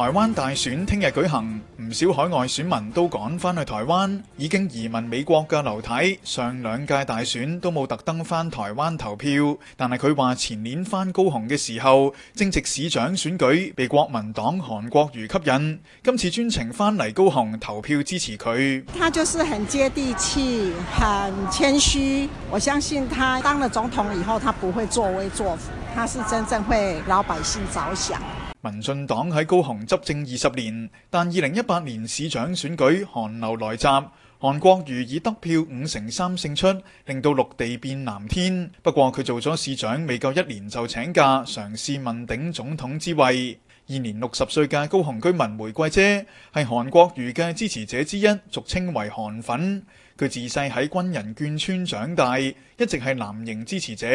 台灣大選聽日舉行，唔少海外選民都趕返去台灣。已經移民美國嘅劉太，上兩屆大選都冇特登返台灣投票，但係佢話前年返高雄嘅時候，正值市長選舉，被國民黨韓國瑜吸引，今次專程返嚟高雄投票支持佢。他就是很接地氣，很謙虛。我相信他當了總統以後，他不會作威作福，他是真正為老百姓着想。民進黨喺高雄執政二十年，但二零一八年市長選舉，韓流來襲，韓國瑜以得票五成三勝出，令到綠地變藍天。不過佢做咗市長未夠一年就請假，嘗試問鼎總統之位。現年六十歲嘅高雄居民玫瑰姐係韓國瑜嘅支持者之一，俗稱為韓粉。佢自細喺軍人眷村長大，一直係藍營支持者。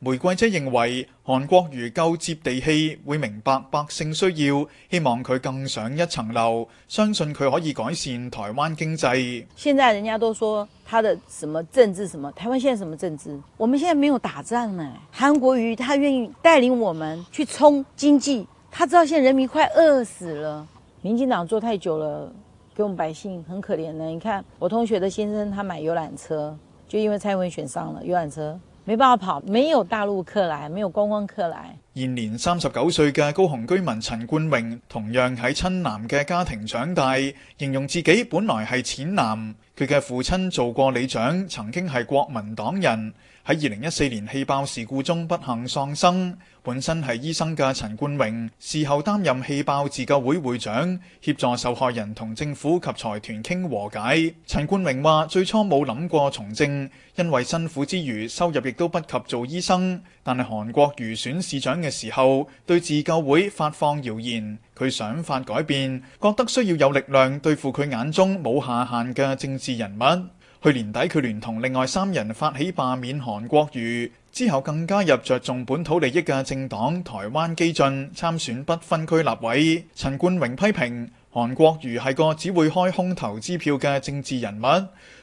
玫瑰姐認為韓國瑜夠接地氣，會明白百姓需要，希望佢更上一層樓，相信佢可以改善台灣經濟。現在人家都說他的什麼政治，什麼台灣現在什麼政治？我們現在沒有打仗呢。韓國瑜他願意帶領我們去衝經濟。他知道現在人民快餓死了，民進黨做太久了，給我們百姓很可憐呢。你看我同學的先生，他買遊覽車，就因為蔡英文選上了，遊覽車沒辦法跑，沒有大陸客來，沒有觀光，光客來。現年三十九歲嘅高雄居民陳冠榮，同樣喺親藍嘅家庭長大，形容自己本來係淺藍。佢嘅父親做過里長，曾經係國民黨人。喺二零一四年氣爆事故中不幸喪生，本身係醫生嘅陳冠榮，事後擔任氣爆自救會會長，協助受害人同政府及財團傾和解。陳冠榮話：最初冇諗過從政，因為辛苦之餘收入亦都不及做醫生。但係韓國瑜選市長嘅時候，對自救會發放謠言，佢想法改變，覺得需要有力量對付佢眼中冇下限嘅政治人物。去年底，佢聯同另外三人發起罷免韓國瑜，之後更加入着重本土利益嘅政黨台灣基進，參選不分區立委。陳冠榮批評。韓國瑜係個只會開空頭支票嘅政治人物，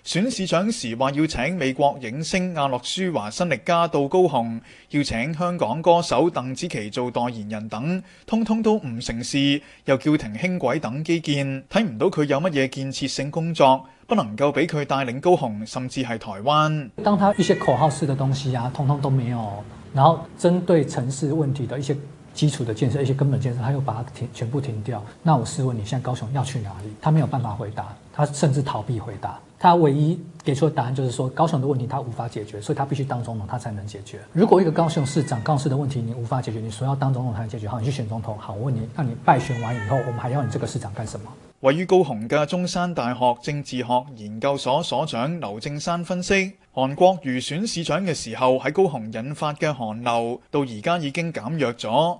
選市長時話要請美國影星阿諾舒華、新力加到高雄，要請香港歌手鄧紫棋做代言人等，通通都唔成事，又叫停輕軌等基建，睇唔到佢有乜嘢建設性工作，不能夠俾佢帶領高雄，甚至係台灣。當他一些口號式嘅東西啊，通通都沒有，然後針對城市問題的一些，基礎的建設，一些根本建設，他又把它停全部停掉。那我試問你，現在高雄要去哪裡？他沒有辦法回答，他甚至逃避回答。他唯一給出的答案就是說，高雄的問題他無法解決，所以他必須當總統，他才能解決。如果一個高雄市長、高雄的問題你無法解決，你所要當總統才能解決。好，你去選總統，好。我問你，那你敗選完以後，我們還要你這個市長幹什麼？位於高雄嘅中山大學政治學研究所所長劉正山分析，韓國瑜選市長嘅時候喺高雄引發嘅韓流，到而家已經減弱咗。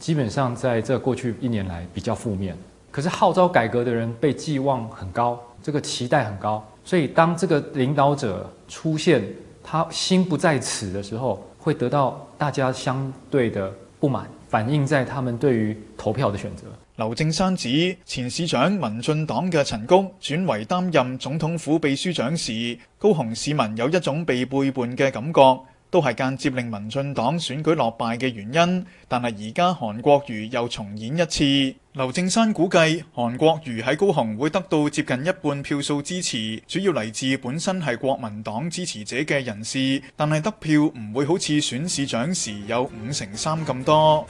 基本上，在這過去一年來比較負面，可是號召改革的人被寄望很高，這個期待很高，所以當這個領導者出現，他心不在此的時候，會得到大家相對的不滿，反映在他們對於投票的選擇。劉正山指，前市長民進黨嘅陳菊轉為擔任總統府秘書長時，高雄市民有一種被背叛嘅感覺。都係間接令民進黨選舉落敗嘅原因，但係而家韓國瑜又重演一次。劉正山估計韓國瑜喺高雄會得到接近一半票數支持，主要嚟自本身係國民黨支持者嘅人士，但係得票唔會好似選市長時有五成三咁多。